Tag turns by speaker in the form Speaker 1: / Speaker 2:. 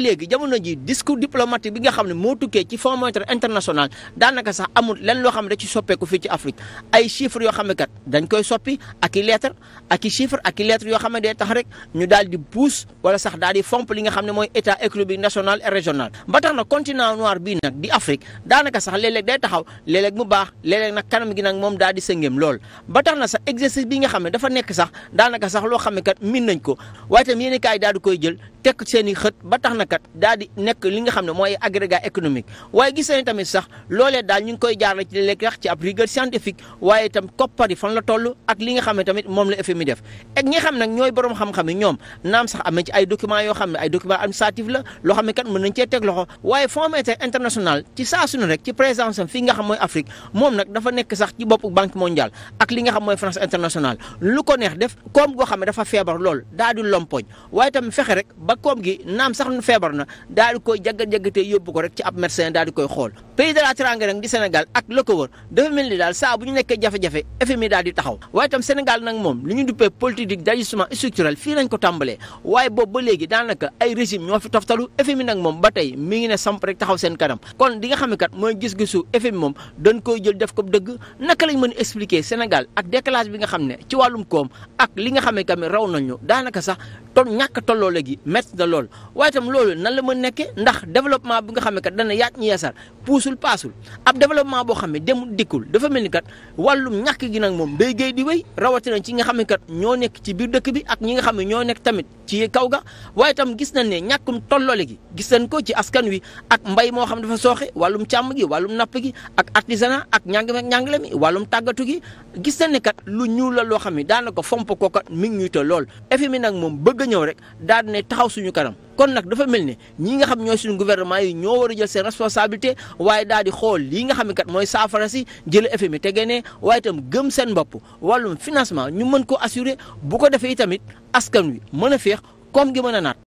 Speaker 1: léegi jamono ji discours diplomatique bi nga xam ne moo tukkee ci Fonds monétaire international daanaka sax amul len loo xam ne da ci soppeeku fii ci Afrique ay yoo xam dañ koy soppi ak i ak i chiffres ak i yoo xam ne tax rek ñu daal di pousse wala sax daal di fomp li nga xam ne mooy état économique national et régional. ba tax na continent noir bii nag di sax léeg day taxaw léeg mu baax léeg-léeg kanam gi nag moom daal di sëngeem lool ba na sax exercice bi nga xam ne dafa nekk sax daanaka loo xam ne kat min nañ ko waaye itam yéen kaay daal di koy jël tekk seen i xët ba tax na kat daal di nekk li nga xam ne mooy agrégat économique waaye gis nañ tamit sax loolee daal ñu ngi koy jaarale ci léeg wax ci ab rigueur scientifique waaye itam koppar yi fan la toll ak li nga xam ne tamit moom la FMI def ak ñi xam nag ñooy borom xam-xam yi ñoom naam sax am na ci ay documents yoo xam ne ay documents administratifs la loo ne kat mën nañ cee teg loxo waaye Fonds monétaire international ci saa su ne rek ci présence am fii nga xam mooy Afrique moom nag dafa nekk sax ci bopp banque mondiale ak li nga xam mooy finance internationale lu ko neex def comme goo xam ne dafa feebar lool daal di lompoñ ba koom gi naam sax feebar na daa di koy jagat jagatee yóbbu ko rek ci ab médecin daal di koy xool. pays de la Teranga nag di Sénégal ak la ko wër dafa daal saa ñu nekkee jafe-jafe FMI daal di taxaw waaye itam Sénégal nag moom li ñu duppee politique d'ajustement structurel fii lañ ko tàmbalee waaye boobu ba léegi daanaka ay régime ñoo fi toftalu FMI nag moom ba tey mi ngi ne samp rek taxaw seen kanam kon di nga xam ne kat mooy gis-gisu FMI moom dañ koy jël def ko dëgg naka lañ mën expliquer Sénégal ak décalage bi nga xam ne ci wàllum koom ak li nga xam ne kam raw nañu daanaka sax ton ñàkk tolloo léegi métti na lool waaye loolu nan la mën nekkee ndax développement bi nga xam ne kat dana lu paasul ab développement boo xam ne demul dikkul dafa mel ni kat wàllum ñàkk gi nag moom mbéy géey di wéy rawatina ci nga xam ne kat ñoo nekk ci biir dëkk bi ak ñi nga xam ne ñoo nekk tamit ci kaw ga waaye tam gis nañ ne ñàkkum tolloole gi gis nañ ko ci askan wi ak mbay moo xam dafa sooxe wàllum càmm gi wàllum napp gi ak artisanat ak ñàng ak ñàngale mi wàllum tàggatu gi gis nañ ne kat lu ñuul la loo xam ne daanaka fomp ko kat mi ngi ñuy te lool mi nag moom bëgg a ñëw rek daal taxaw suñu kanam kon nag dafa mel ne ñi nga xam ñooy suñu gouvernement yi ñoo war a jël seen responsabilité waaye daal di xool lii nga xam ne mooy saafara si jël effet mi tege ne waaye itam gëm seen bopp wàllum financement ñu mën ko assurer bu ko defee itamit askan wi mën a féex koom gi mën a naat